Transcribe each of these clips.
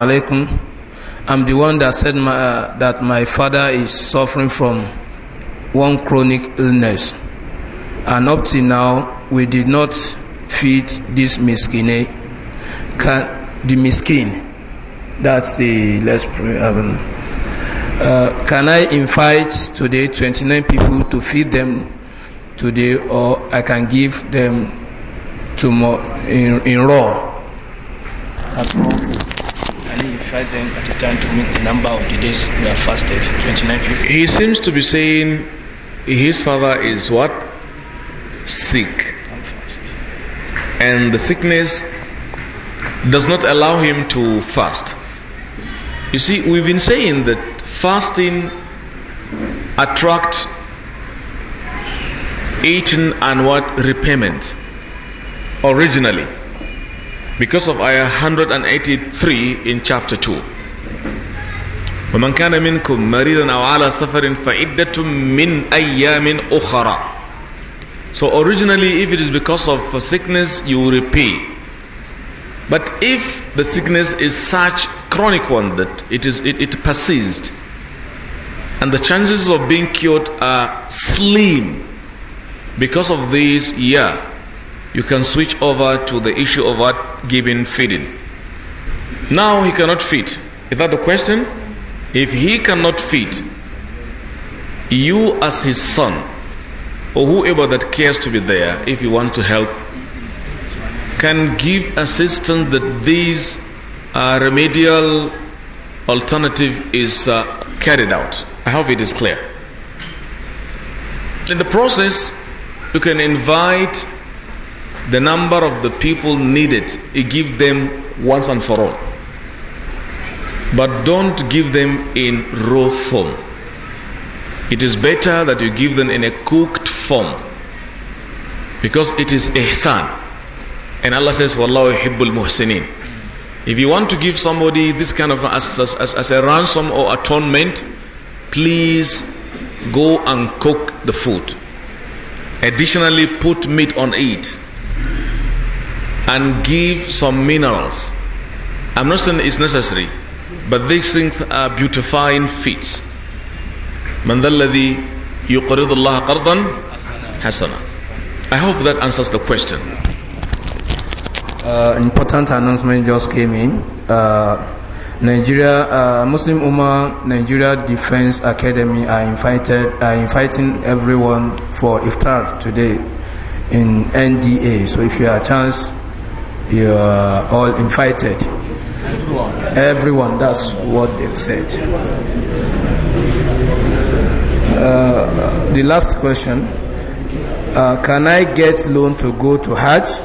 alaikum i'm the one that said my, uh, that my father is suffering from one chronic illness and up till now we did not feed this miskine can the miskin that's the let's pray um, uh, can i invite today 29 people to feed them today or i can give them tomorrow in, in raw as raw invited them at a time to meet the number of the days they have fasted, 29 He seems to be saying his father is what? Sick. And the sickness does not allow him to fast. You see, we've been saying that fasting attracts eating and what? Repayment. Originally because of ayah 183 in chapter 2. ومن كان منكم مريضا أو على سفر فعدة من أيام أخرى So originally if it is because of sickness you repay. But if the sickness is such chronic one that it is it, it persists and the chances of being cured are slim because of this year you can switch over to the issue of what given feeding. Now he cannot feed. Is that the question? If he cannot feed, you as his son, or whoever that cares to be there, if you want to help, can give assistance that these uh, remedial alternative is uh, carried out. I hope it is clear. In the process, you can invite the number of the people needed, he give them once and for all. But don't give them in raw form. It is better that you give them in a cooked form. Because it is ihsan. And Allah says, Wallahu muhsinin. If you want to give somebody this kind of as, as, as a ransom or atonement, please go and cook the food. Additionally, put meat on it and give some minerals. I'm not saying it's necessary, but these things are beautifying feats. من الذي يقرض الله قرضا حسنا I hope that answers the question. Uh, important announcement just came in. Uh, Nigeria uh, Muslim Ummah Nigeria Defense Academy are invited are inviting everyone for iftar today in NDA. So if you have a chance, you are all invited. Everyone. Everyone, that's what they said. Uh, the last question. Uh, can I get loan to go to Hajj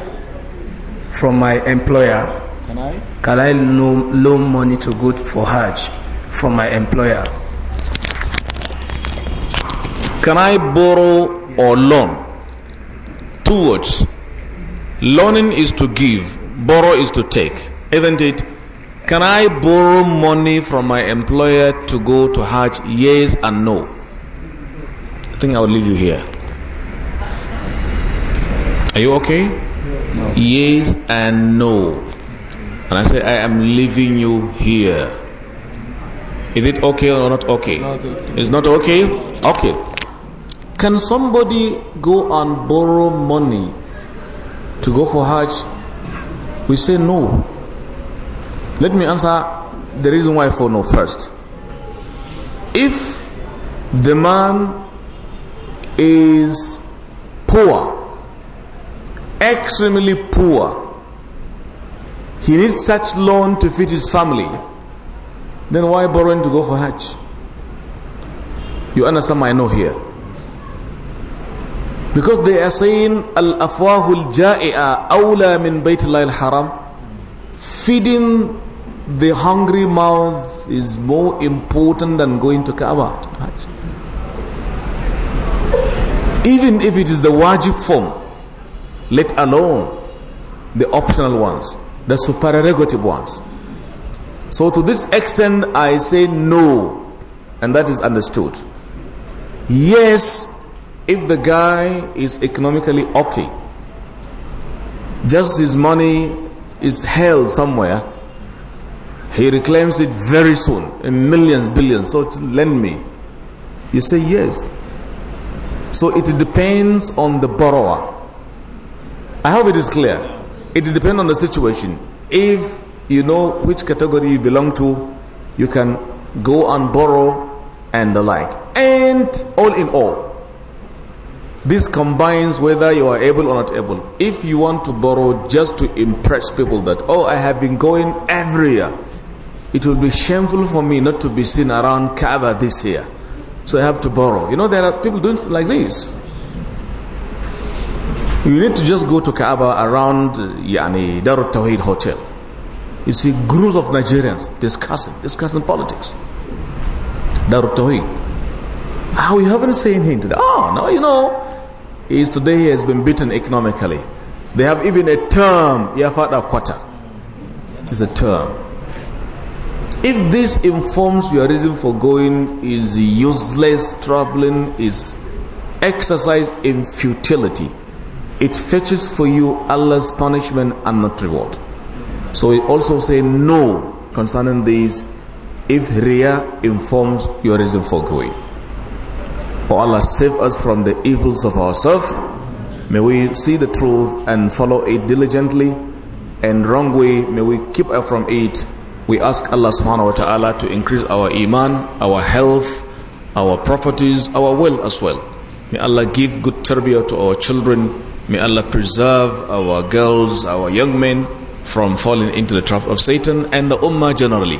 from my employer? Can I? Can I loan, loan money to go for Hajj from my employer? Can I borrow or loan? Two words Learning is to give, borrow is to take, isn't it? Can I borrow money from my employer to go to Hajj? Yes and no. I think I'll leave you here. Are you okay? No. Yes and no. And I say, I am leaving you here. Is it okay or Not okay. It's not okay? Okay. Can somebody go and borrow money to go for Hajj? We say no. Let me answer the reason why for no first. If the man is poor, extremely poor, he needs such loan to feed his family, then why borrowing to go for Hajj? You understand my no here. Because they are saying, Al-afwahul ja'i'a awla min baytillah al-haram. Feeding the hungry mouth is more important than going to Kaaba. Even if it is the wajib form, let alone the optional ones, the supererogative ones. So to this extent, I say no, and that is understood. Yes, if the guy is economically okay, just his money is held somewhere, he reclaims it very soon, in millions, billions, so lend me. You say yes. So it depends on the borrower. I hope it is clear. It depends on the situation. If you know which category you belong to, you can go and borrow and the like. And all in all, this combines whether you are able or not able. If you want to borrow just to impress people that, oh, I have been going every year. It will be shameful for me not to be seen around Kaaba this year. So I have to borrow. You know, there are people doing like this. You need to just go to Kaaba around Yani Darut Tawheed Hotel. You see groups of Nigerians discussing, discussing politics. Darut Tawheed. How oh, you haven't seen him today? Oh, no, you know, is today he has been beaten economically. They have even a term, Yafada quarter. It's a term. If this informs your reason for going is useless, traveling is exercise in futility, it fetches for you Allah's punishment and not reward. So we also say no concerning this if Riyah informs your reason for going. O Allah save us from the evils of ourselves. May we see the truth and follow it diligently and wrong way. May we keep away from it. We ask Allah subhanahu wa ta'ala to increase our iman, our health, our properties, our wealth as well. May Allah give good tarbiyah to our children. May Allah preserve our girls, our young men from falling into the trap of Satan and the ummah generally.